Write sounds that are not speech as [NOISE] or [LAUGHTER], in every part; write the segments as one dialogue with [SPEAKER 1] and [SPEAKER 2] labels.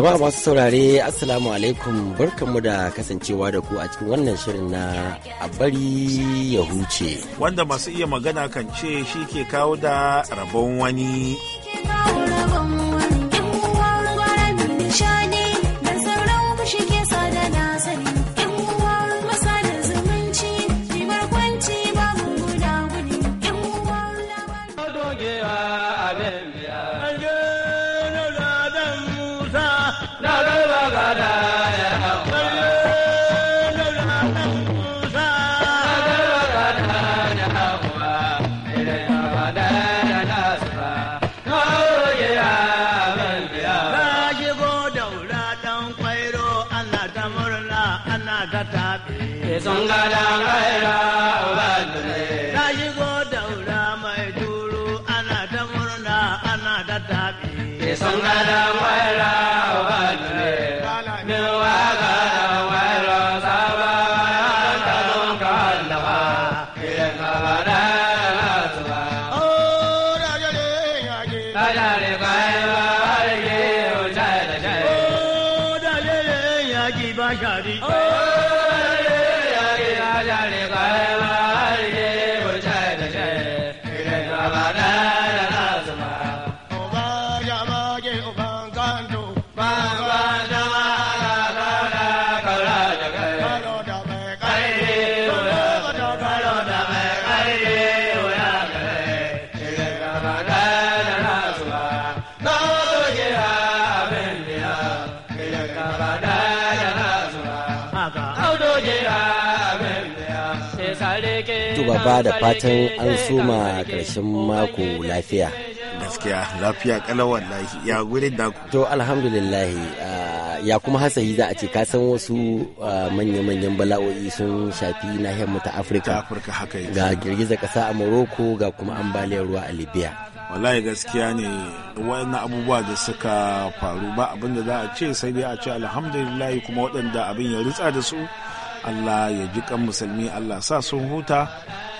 [SPEAKER 1] jama'a masu saurare assalamu alaikum barkanmu da kasancewa da ku a cikin wannan shirin na a bari ya huce
[SPEAKER 2] wanda masu iya magana kan ce shi ke kawo da rabon wani
[SPEAKER 3] Rama Rama
[SPEAKER 1] ba da fatan an soma karshen mako lafiya gaskiya lafiya wallahi ya da to alhamdulillah ya kuma hasahi za a ce ka san wasu manya-manyan bala'o'i sun shafi nahiyar mu afirka ga girgiza kasa a morocco
[SPEAKER 2] ga kuma ambaliyar ruwa a libya wallahi gaskiya ne wani abubuwa da suka faru ba abinda za a ce sai dai a ce alhamdulillah kuma waɗanda abin ya rutsa da su allah ya ji kan musulmi allah sa sun huta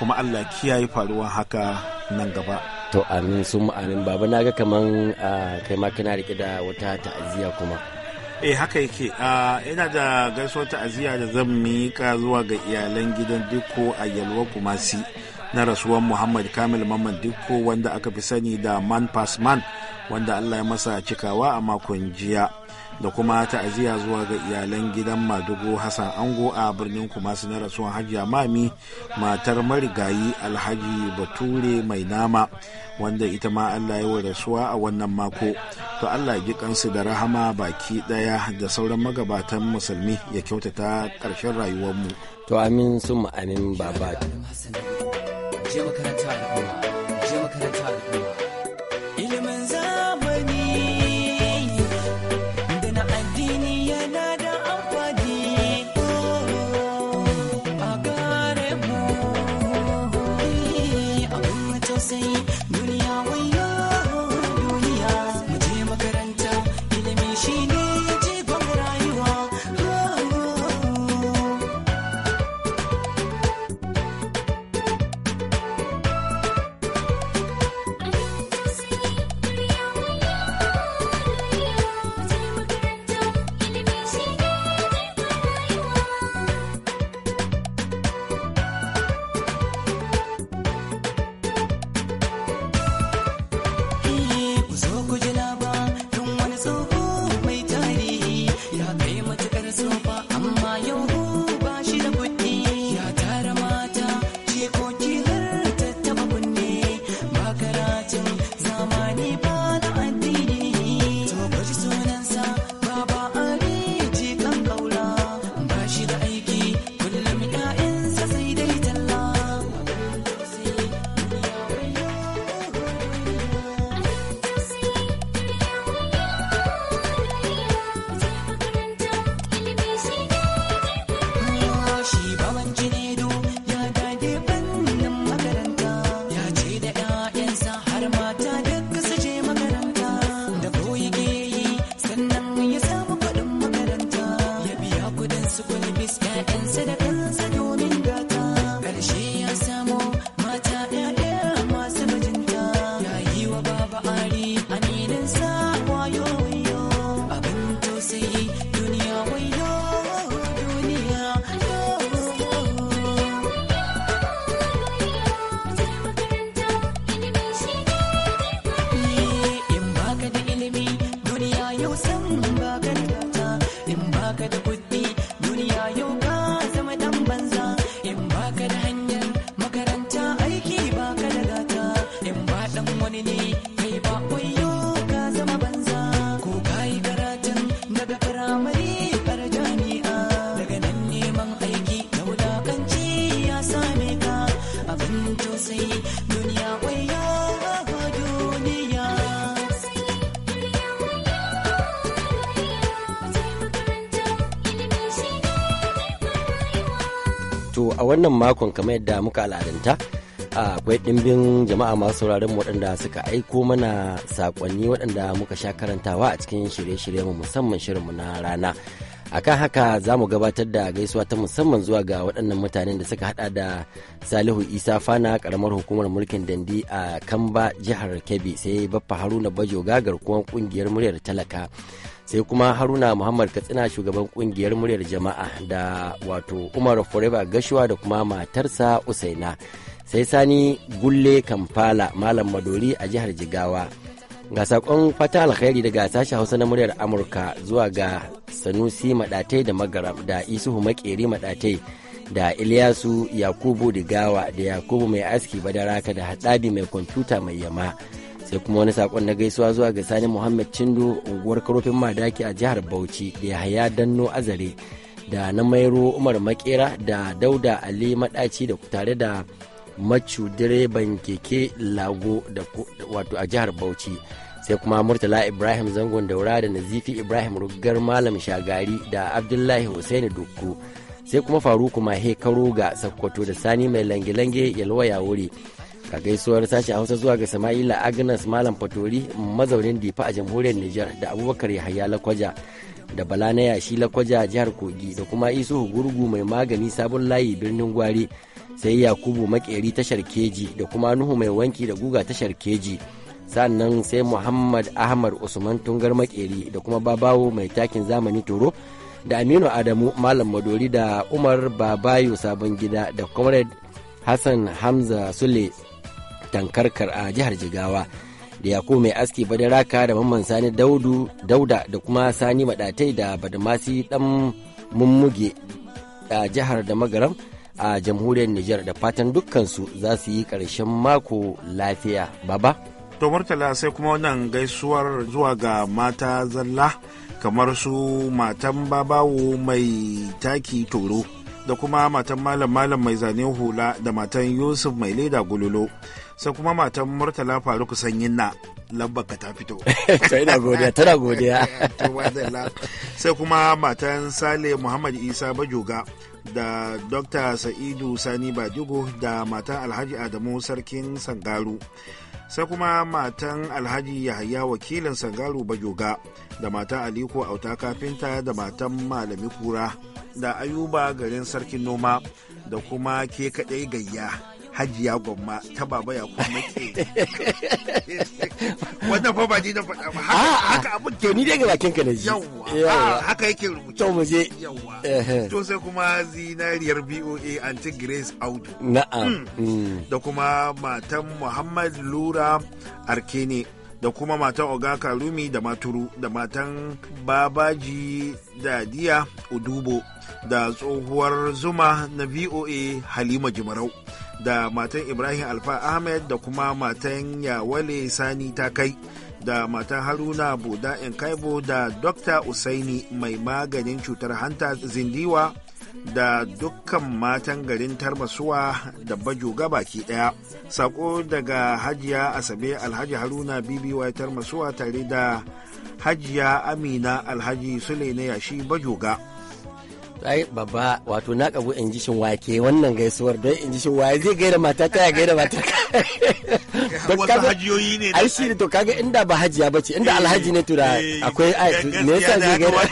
[SPEAKER 2] kuma allah kiyaye faruwan haka nan gaba
[SPEAKER 1] to amin sun amin baba na ga kaman kai ma kana rike da wata ta'aziyya kuma
[SPEAKER 2] eh haka yake ina da gaisuwar ta'aziyya da zan miƙa zuwa ga iyalan gidan dukko a yalwa kumasi na rasuwan muhammad kamil mamman dukko wanda aka fi sani da man pass man wanda allah ya masa cikawa a makon jiya da kuma ta'aziyya zuwa ga iyalan gidan madugo hassan ango a birnin kumasi na rasuwan hajiya mami matar marigayi alhaji bature mai nama wanda ita ma allah ya rasuwa a wannan mako to allah ji kansu da rahama baki daya da sauran magabatan musulmi ya kyautata karshen rayuwarmu to amin sun ma'anin baba
[SPEAKER 1] wannan makon kamar yadda muka al'adanta akwai ɗimbin jama'a masu sauraron waɗanda suka aiko mana saƙonni waɗanda muka sha karantawa a cikin shirye-shiryenmu musamman shirinmu na rana. a kan haka za mu gabatar da gaisuwa ta musamman zuwa ga waɗannan mutanen da suka hada da salihu isa fana karamar hukumar mulkin dandi a kamba jihar kebbi sai baffa haruna bajo gagar kuma kungiyar muryar talaka sai kuma haruna muhammad katsina shugaban kungiyar muryar jama'a da wato umar forever gashuwa da kuma matarsa usaina sai sani gulle kamfala malam madori a jihar jigawa Ga saƙon fata alkhairi daga sashen Hausa na muryar Amurka zuwa ga Sanusi Maɗatai da Magaram da Isuhu Makeri Maɗatai da Ilyasu Yakubu Digawa da Yakubu Mai Aski Badaraka da Haɗabi Mai Kwamfuta Mai Yama. sai kuma wani sakon na gaisuwa zuwa ga sani muhammad cindo unguwar karofin madaki a jihar bauchi da yahaya danno azare da na mairo umar makera da dauda ali madaci da tare da macu direban keke lago da wato a jihar bauchi sai kuma murtala ibrahim zangon daura da nazifi ibrahim rugar malam shagari da abdullahi hussaini dukku sai kuma faruku mahe ga sakkwato da sani mai lange-lange yalwaya wuri ka gaisuwar sashen hausa zuwa ga sama'ila agnes malam fatori mazaunin difa a jamhuriyar niger da abubakar yahaya lakwaja da bala na yashi lakwaja jihar kogi da kuma isu gurgu mai magani sabon layi birnin gwari sai yakubu makeri tashar keji da kuma nuhu mai wanki da guga tashar keji sannan sai muhammad ahmad usman tungar makeri da kuma babawo mai takin zamani toro da aminu adamu malam madori da umar babayo sabon gida da comrade hassan hamza sule tankarkar a jihar jigawa da yakubu mai aski badaraka da mamman sani daudu dauda da kuma sani madatai da badamasi dan mummuge a jihar da magaram a jamhuriyar Nijar da fatan dukkansu za su yi ƙarshen mako lafiya.
[SPEAKER 2] Baba? To Murtala sai kuma wannan gaisuwar zuwa ga mata zalla kamar su matan babawo mai taki toro da kuma matan malam malam mai zane hula da matan Yusuf mai leda gululo. sai kuma matan murtala faru sanyin na Lamba ka ta fito tana [LAUGHS] godiya tana godiya [LAUGHS] sai kuma matan sale muhammad isa bajoga da dr sa'idu sani badigo da matan alhaji adamu sarkin sangaru sai kuma matan alhaji yahaya wakilin sangaru bajoga da matan aliko auta kafinta da matan malami kura da ayuba garin sarkin noma da kuma ke kaɗai gayya hajiya gwamma ta baba ya kuma ke wannan fa ba ni na faɗa ba haka abin ke ni daga bakin ka na ji yawa haka yake rubuce to mu je yawa to sai kuma zinariyar BOA anti Grace Audu na'am hmm. Hmm. da kuma matan Muhammad Lura Arkene da kuma matan Oga Karumi da maturu da matan babaji da diya udubo da tsohuwar zuma na voa halima jimarau da matan ibrahim alfa ahmed da kuma matan yawale sani ta kai da matan haruna in kaibo da dr usaini mai maganin cutar hanta zindiwa da dukkan matan garin tarmasuwa da bajoga baki daya sako daga hajiya asabe alhaji haruna bby tarmasuwa tare da hajiya amina alhaji sule na yashi bajoga
[SPEAKER 1] ai baba wato na kago in ji shin wake wannan gaisuwar don in ji shin waye zai gaida mata ta ya gaida mata ka
[SPEAKER 2] [LAUGHS] kaga
[SPEAKER 1] hajiyoyi ne ai shi to kaga inda ba hajiya bace inda alhaji ne to da eh, eh, akwai ai me yasa zai gaida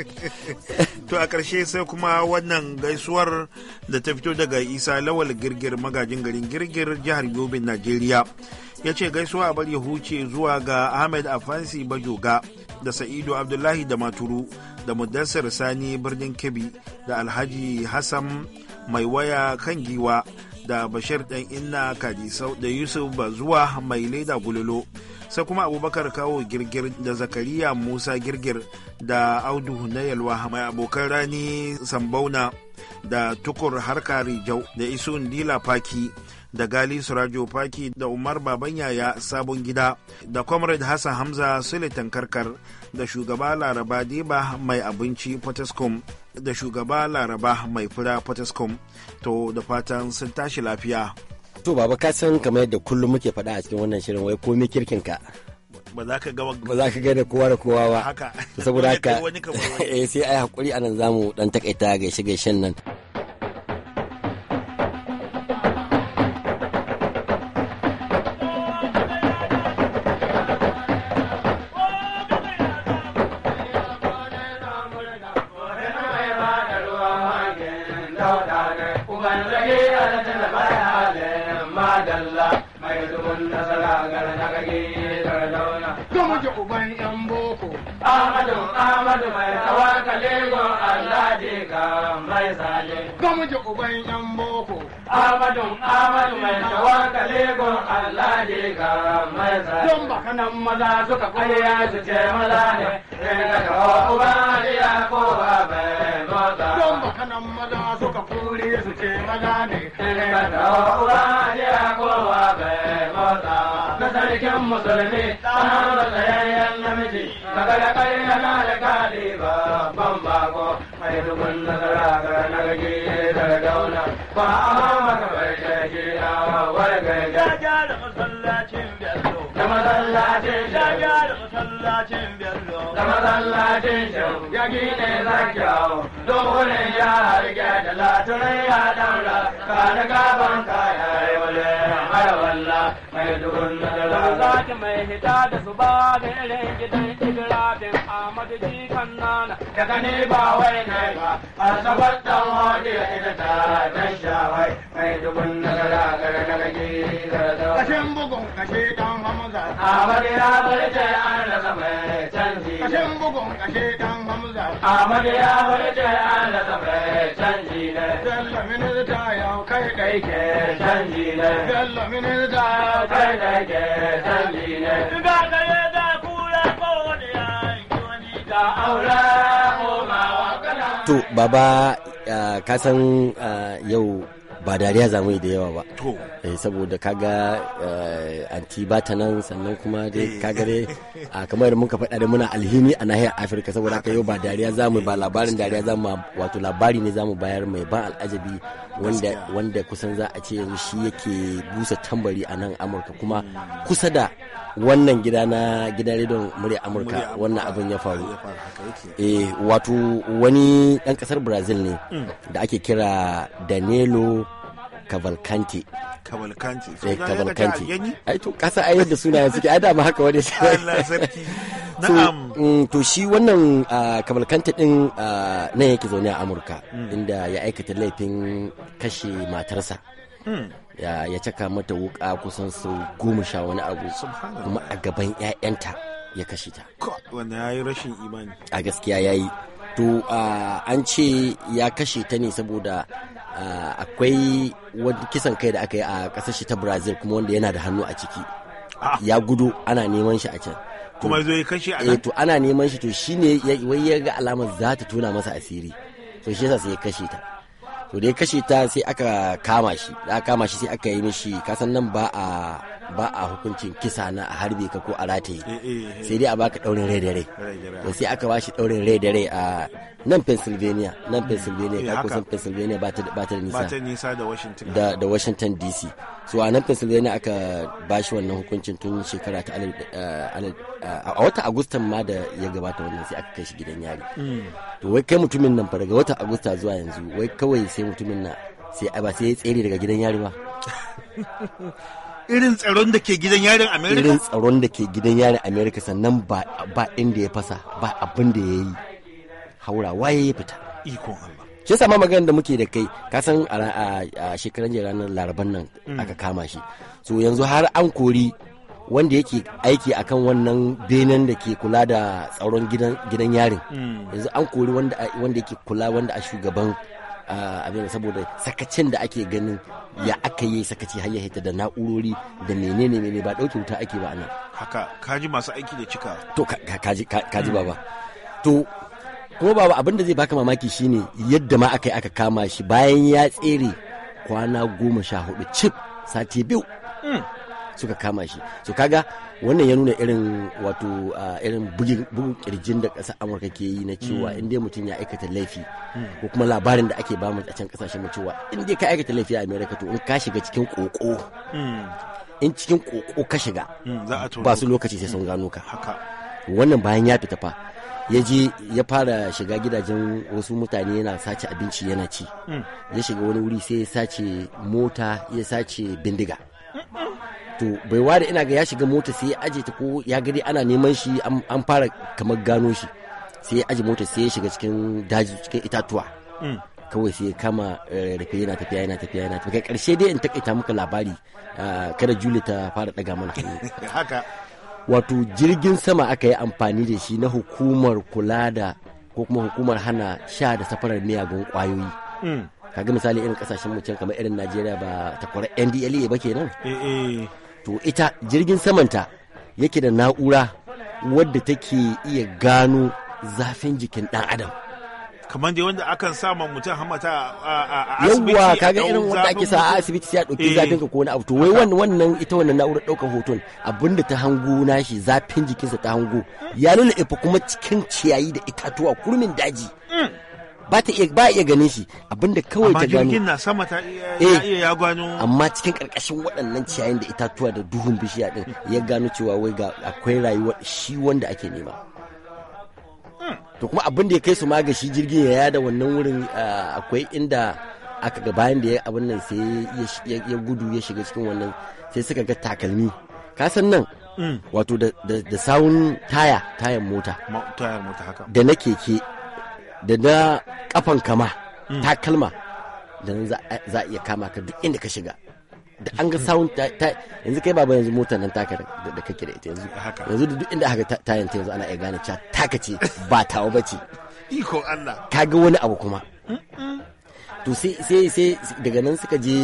[SPEAKER 2] [LAUGHS] to a ƙarshe sai kuma wannan gaisuwar da ta fito daga isa lawal girgir magajin garin girgir jihar yobin najeriya ya ce gaisuwa a bari huce zuwa ga ahmed afansi bajoga da sa'idu abdullahi da maturu da mudassir sani birnin kebbi da alhaji hassan mai waya kan giwa da bashir dan inna kadisau da yusuf ba zuwa mai leda gulolo sai kuma abubakar kawo girgir da zakariya musa girgir da audu na yalwa mai abokan rani sambauna da tukur harkar jau da isun dila paki. da gali surajo faki da umar baban yaya sabon gida da comrade hassan hamza sule tankarkar da shugaba laraba deba mai abinci potescom da shugaba laraba mai fura potescom to da fatan sun tashi lafiya to baba ka san kamar yadda kullum muke faɗa a cikin wannan shirin wai komai kirkin ka ba za ka gaba
[SPEAKER 1] kowa da kowa ba haka saboda haka [LAUGHS] eh sai ai hakuri anan zamu dan takaita gaishe gaishen nan
[SPEAKER 4] maza suka karya su ce maza ne in daga uba iya ko ba bai maza don makanan maza suka kuri su ce maza ne in daga uba iya ko ba bai maza na sarkin musulmi an da tsayayyen namiji daga da kare na kare kare ban bako mai dubun nasara ga nagage da dauna ba a maka bai shagina wargaje. Ya
[SPEAKER 3] gyara masallacin masallacin shan gyara masallacin bello da masallacin shan ya gine zakyawo dogonin ya harge da latunan ya daura ka da gaban kaya
[SPEAKER 4] ya wale mara walla mai dukun da mai hita da su ba da irin gidan ibrahim ahmadu jikan nana daga ne ba wai ne ba a sabar dan hodi ita ta dan shawai mai dukun da lalata daga gidi da kashin bugun kashe dan Amadu ya barce an rasa canji. dan Hamza. Amadu ya barce an rasa mai canji ne. Bello da yau kai kai ke canji ne. Bello minista kai kai canji ne. Da
[SPEAKER 3] kura ko wani ya yi wani da aure ko wa kana.
[SPEAKER 1] To baba ka san ah, yau ba dariya za mu yi da yawa ba eh saboda kaga eh, anti ba ta nan sannan kuma dai eh. kaga dai kamar muka faɗa da muna alhini a nahiyar Afirka saboda haka yau ba dariya za mu ba labarin dariya za mu wato labari ne za mu bayar mai ban al'ajabi wanda wanda kusan za a ce yanzu shi yake busa tambari a nan Amurka kuma kusa da wannan gida na gidan rediyon murya Amurka wannan abin ya faru eh wato wani dan kasar Brazil ne mm. da ake kira Danilo Cavalcanti. Cavalcanti.
[SPEAKER 2] Eh, Cavalcanti.
[SPEAKER 1] Ai to kasa ai yadda yanzu. suke ai dama haka wani [LAUGHS] Allah [LAUGHS] So, mm, To shi wannan Kabalkanti ah, din ah, nan yake zaune a Amurka mm. inda ya aikata laifin kashe matarsa. Mm. Ya caka mata wuka kusan sau goma sha wani abu kuma a gaban 'ya'yanta ya kashe ta.
[SPEAKER 2] Wanda ya yi rashin imani.
[SPEAKER 1] A gaskiya ya yi. To ah, an ce ya kashe ta ne saboda Ah, akwai wani kisan kai da aka yi a ƙasar shi ta brazil kuma wanda yana da hannu a ciki ah. ya gudu ana neman shi a can kuma zo ya kashe a eh, to ana neman shi to shine wai ya ga alamar za ta tona masa asiri to shi yasa sai ya kashe ta to da ya kashe ta sai aka kama shi da aka kama shi sai aka yi mishi kasan nan ba a ba a hukuncin kisa na a harbe ka ko a rataye eh, eh, eh. sai dai a baka daurin rai da rai to sai aka bashi daurin rai da rai a nan Pennsylvania nan mm. Pennsylvania ka kusan Pennsylvania ba ta da nisa ba ta
[SPEAKER 2] nisa da Washington da
[SPEAKER 1] Washington DC so a nan Pennsylvania aka bashi wannan hukuncin tun shekara ta a wata Agustan ma da ya gabata wannan sai aka kai shi gidan yari mm. to wai kai mutumin nan fa daga wata Agusta zuwa yanzu wai kawai sai mutumin nan sai ba sai ya tsere daga gidan yari ba
[SPEAKER 2] [LAUGHS] irin tsaron da ke gidan yarin Amerika. irin
[SPEAKER 1] tsaron da ke gidan yarin Amerika sannan ba inda ya fasa ba abin da ya yi haura waye ya fita
[SPEAKER 2] ikon allah
[SPEAKER 1] shi sama magana da muke da kai ka san a shekaran jiya ranar laraban nan mm. aka kama shi so yanzu har an kori wanda yake aiki akan wannan benen da ke kula da tsaron gidan yarin mm. yanzu an kori wanda yake kula wanda a shugaban abin ah, saboda sakacin da ake ganin ya aka yi sakaci har ya hita da na'urori da menene menene ba ɗauke wuta ake ba nan
[SPEAKER 2] haka kaji masu aiki da cika
[SPEAKER 1] to kaji kaji hmm. baba to kuma baba abin da zai baka mamaki shine yadda ma aka yi aka kama shi bayan ya tsere kwana goma sha hudu cif sati biyu hmm. suka kama shi so kaga wannan ya nuna irin wato irin bugun kirjin da ƙasar amurka ke yi na cewa mm. in dai mutum ya aikata laifi mm. ko kuma labarin da ake bamu a can kasashen mu cewa in dai ka aikata laifi a america to in ka shiga cikin koko mm. in cikin koko ka shiga ba su lokaci sai sun gano ka wannan bayan ya fita fa ya je ya fara shiga gidajen wasu mutane yana sace abinci yana ci ya shiga wani wuri sai ya sace mota ya sace bindiga to bai ware ina ga ya shiga mota sai ya aje ta ko ya gari ana neman shi an fara kamar gano shi sai ya aje mota sai ya shiga cikin daji cikin itatuwa mm. kawai sai ya kama eh, rufe yana tafiya yana tafiya yana tafiya karshe dai in takaita maka labari ah, kada juli ta fara daga mana hannu [LAUGHS] haka wato jirgin sama aka yi amfani da shi na hukumar kula da ko kuma hukumar hana sha da safarar miyagun kwayoyi mm. kaga misali irin kasashen mu kamar irin Najeriya ba ta ndla ba kenan
[SPEAKER 2] eh, eh.
[SPEAKER 1] to ita jirgin samanta yake da na'ura wadda take iya gano zafin jikin dan adam
[SPEAKER 2] kamar dai wanda akan sama mutum hamata a asibiti yawwa kaga irin wanda ake sa a asibiti
[SPEAKER 1] sai a ɗauki eh. zafin ka ko wani abu to wai wannan ita wannan na'urar daukar hoton abinda ta hango nashi zafin jikinsa ta hango ya lulluɓe kuma cikin ciyayi da itatuwa kurmin daji mm. ba ta iya ba iya ganin shi abinda kawai ta gano amma
[SPEAKER 2] na sama ta iya ya eh. gano amma
[SPEAKER 1] cikin karkashin waɗannan ciyayin da itatuwa da duhun bishiya din ya gano cewa wai ga akwai rayuwa shi wanda ake nema hmm. to kuma abin ya kai su ma ga shi jirgin ya yada wannan wurin akwai inda aka ga bayan da ya abin nan sai ya gudu ya shiga cikin wannan sai suka ga takalmi Ka san nan hmm. wato da sawun taya tayan mota da na keke da na kafan kama takalma da nan za a iya kama ka duk inda ka shiga da an ga sawun yanzu kai baba yanzu mota nan taka da kake da ita yanzu yanzu da duk inda aka tayan ta yanzu ana iya gane cewa taka ce ba tawo bace iko Allah ka ga wani abu kuma to sai sai sai daga nan suka je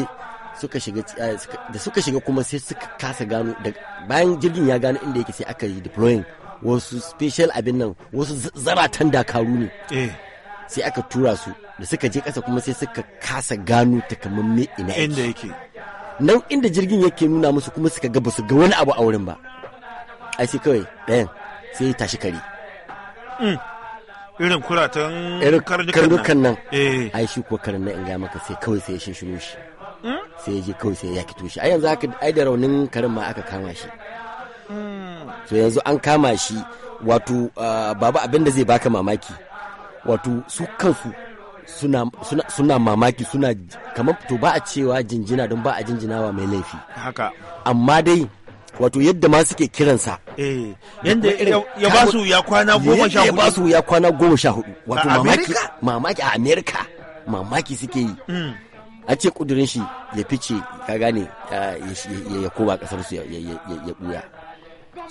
[SPEAKER 1] suka shiga eh, da suka shiga kuma sai suka kasa gano bayan jirgin ya gano inda yake sai aka yi deploying wasu special abin nan wasu zaratan dakaru ne eh. sai aka tura su da suka je kasa kuma sai suka kasa gano takamamme ina inda yake nan inda jirgin yake nuna musu kuma suka ga basu ga wani abu a wurin ba ai sai kawai ɗayan sai ya tashi kare
[SPEAKER 2] mm. irin kuratan karnukan
[SPEAKER 1] nan eh. ai shi kuwa karin in ga maka sai kawai sai ya shinshino shi mm? sai ya je kawai sai ya kito shi ai yanzu ai da raunin karin ma aka kama shi to yanzu an kama shi wato babu abin da zai baka mamaki wato su kansu suna, suna, suna mamaki suna kamar to ba a cewa jinjina don ba a jinjinawa mai laifi haka amma dai wato yadda ma suke kiransa
[SPEAKER 2] yadda eh, ya ba su ya kwana goma sha hudu ya ba su
[SPEAKER 1] ya kwana goma sha hudu wato mamaki mamaki a america mamaki suke yi hmm. a ce kudurin shi ya fice ka gane ya koma kasar su ya buya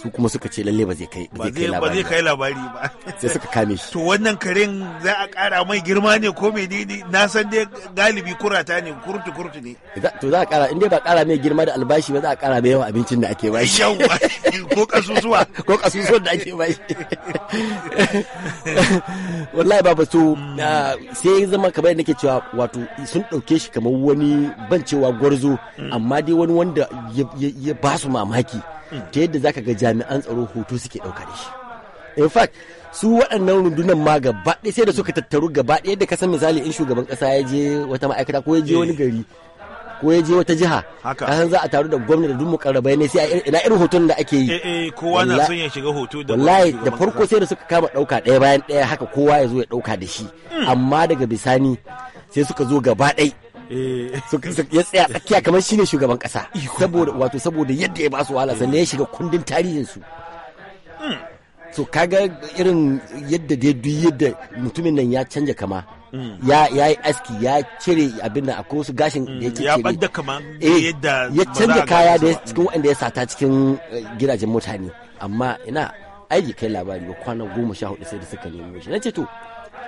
[SPEAKER 1] su kuma suka ce lalle ba zai kai ba zai kai
[SPEAKER 2] labari ba sai
[SPEAKER 1] suka kame shi [LAUGHS] to
[SPEAKER 2] wannan karen za a kara mai girma ne ko menene na san dai galibi kurata ne kurtu kurtu ne
[SPEAKER 1] to za a kara in dai ba kara mai girma da albashi ba za a kara mai yawan abincin da ake bashi yawa
[SPEAKER 2] ko kasusuwa [LAUGHS] ko kasusuwa da
[SPEAKER 1] ake bashi [LAUGHS] wallahi baba to hmm. ah, sai zama kamar nake cewa wato sun dauke shi kamar wani ban cewa gwarzo hmm. amma dai wani wanda ya ba su mamaki ta yadda zaka ga jami'an tsaro hoto suke ɗauka da shi in fact su waɗannan rundunan ma gaba ɗaya sai da suka tattaru gaba ɗaya ka kasan misali in shugaban ƙasa ya je wata ma'aikata ko ya je wani eh. gari ko ya je wata jiha kasan za a taru da gwamna da dukkan rabai ne sai a ina irin hoton da ake yi eh,
[SPEAKER 2] eh kowa na son ya shiga hoto da wallahi da farko sai
[SPEAKER 1] da suka kama ɗauka ɗaya bayan ɗaya haka kowa ya zo ya ɗauka da shi hmm. amma daga bisani sai suka zo gaba ɗaya Eh. [LAUGHS] ya tsaya tsakiya kamar shine shugaban kasa saboda wato saboda yadda ya ba su wahala sannan ya shiga kundin tarihin su hmm. so kaga irin yadda dai duk yadda mutumin nan ya canja kama hmm. ya ya yi aski ya cire abin da akwai wasu gashin da yake ya bada hmm.
[SPEAKER 2] kama eh, yadda ya canja kaya da cikin
[SPEAKER 1] wanda ya sata cikin eh, gidajen mutane amma ina aiki kai labari ba kwana goma sha hudu sai da suka nemo shi na ce to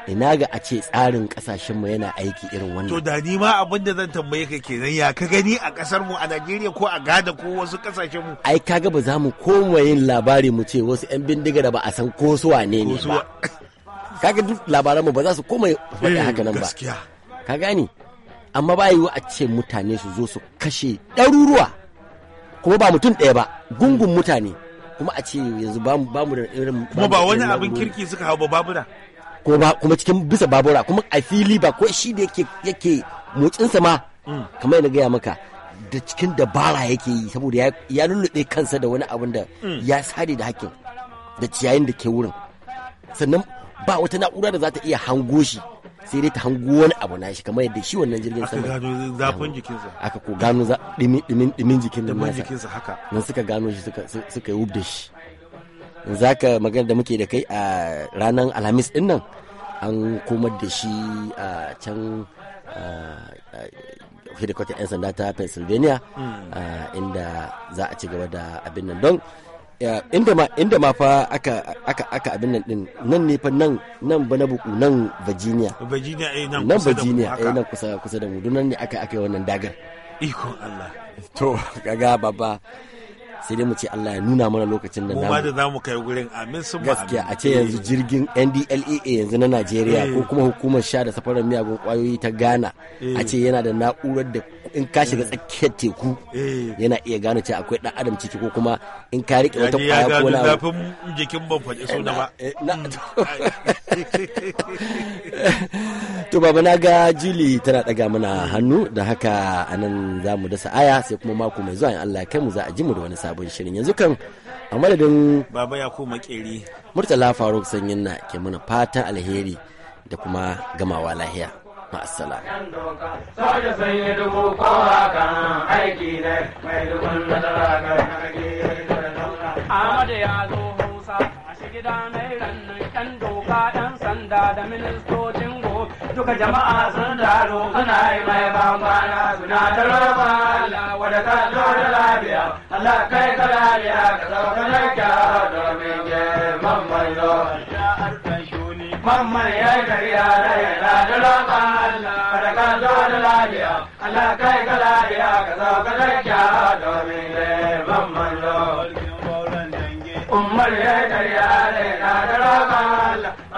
[SPEAKER 1] ina ga a ce tsarin kasashen mu yana aiki irin wannan to
[SPEAKER 2] da ni ma abin da zan tambaye ka kenan ya ka gani a kasar mu a Najeriya ko a Gada ko wasu kasashen mu
[SPEAKER 1] ai kaga ba za mu koma yin labari mu ce wasu yan bindiga da ba a san ko su wane ne ba kaga duk labaran mu ba za su koma faɗi eh, haka nan ba ka gani amma ba yiwu a ce mutane su zo su kashe ɗaruruwa kuma ba mutum ɗaya ba gungun mutane kuma a ce yanzu ba mu da irin kuma ba wani abin kirki
[SPEAKER 2] suka hau ba babura
[SPEAKER 1] kuma cikin bisa babura kuma a fili ba ko shi da yake motsinsa ma mm. kamar na gaya maka da cikin dabara yake yi saboda ya lulluɗe kansa da wani abin da mm. ya sare da hakkin da ciyayin da ke wurin sannan ba wata na'ura da za ta iya hango shi sai dai ta hango wani abu na shi kamar yadda shi wannan jirgin sama aka
[SPEAKER 2] gano zafin jikinsa
[SPEAKER 1] aka ko gano dimin dimin jikin nan nasa haka nan suka gano shi suka suka yi wubda shi za ka magana da muke da kai a ranar alhamis din nan an komar da shi a can hedikwatar 'yan sanda ta pennsylvania hmm. inda za a ci gaba da abin nan don inda ma fa aka abin nan din nan ne fa nan nan ba na buku nan virginia
[SPEAKER 2] virginia eh nan
[SPEAKER 1] eh, kusa kusa da mu nan ne aka aka yi wannan dagar
[SPEAKER 2] ikon allah
[SPEAKER 1] to [LAUGHS] kaga babba sai dai mu ce Allah ya nuna mana lokacin da namu mu da
[SPEAKER 2] zamu kai gurin amin sun ba gaskiya eh. e a ce yanzu
[SPEAKER 1] jirgin NDLEA yanzu na Najeriya eh. ko kuma hukumar sha da safarar miyagun kwayoyi ta Ghana eh. a ce yana da na'urar da in ka shiga tsakiyar teku yana iya gano cewa akwai dan adam ciki ko kuma in ka rike wata kwaya ko na zafin
[SPEAKER 2] hmm. [LAUGHS]
[SPEAKER 1] to baba na ga jili tana daga mana hmm. hannu da haka anan zamu dasa aya sai kuma mako mai zuwa in Allah kai mu za a ji mu da wani sabon sabon shirin yanzu kan a madadin
[SPEAKER 2] baba ya koma makeri
[SPEAKER 1] murtala faruk sanyin na ke mana fatan alheri da kuma gamawa lahiya ma'asala
[SPEAKER 4] Ahmadu ya zo Hausa a shi gida mai rannan 'yan doka ɗan sanda da ministocin duka jama'a sun taro suna yi mai bambana suna ta roƙa Allah wadda ta zo da lafiya Allah kai ka lafiya ka zauka na kya domin mamman zo Mamman ya yi kariya da yana da roƙa Allah wadda ka zo da lafiya Allah kai ka lafiya ka zauka na kya domin mamman zo Umar ya yi kariya da yana da roƙa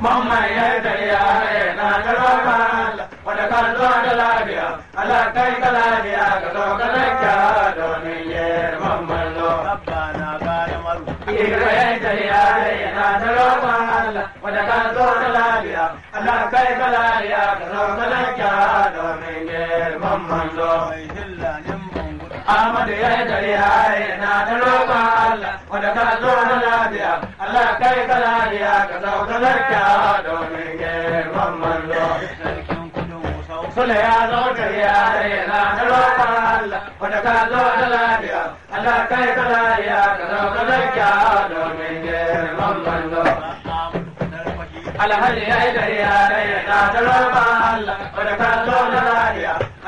[SPEAKER 4] mamman ya na da roƙon wanda ka zo da lafiya Allah kai ka lafiya ka zo ka domin
[SPEAKER 3] da ya na da ka lafiya
[SPEAKER 4] lafiya ka ka domin mamman Amadu ya dare haye na da roƙon Allah wanda ka zo na lafiya Allah kai ka lafiya ka sauka zarka domin girman manzo.
[SPEAKER 3] Sule ya zo da yare na da roƙon Allah wanda ka zo na lafiya Allah kai ka lafiya ka sauka zarka domin girman manzo. Alhaji ya yi da yare na da roƙon Allah wanda ka zo na lafiya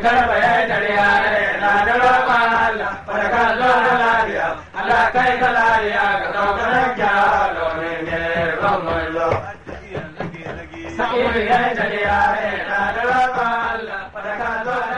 [SPEAKER 3] garba ya dariya na da roƙon Allah farka zo da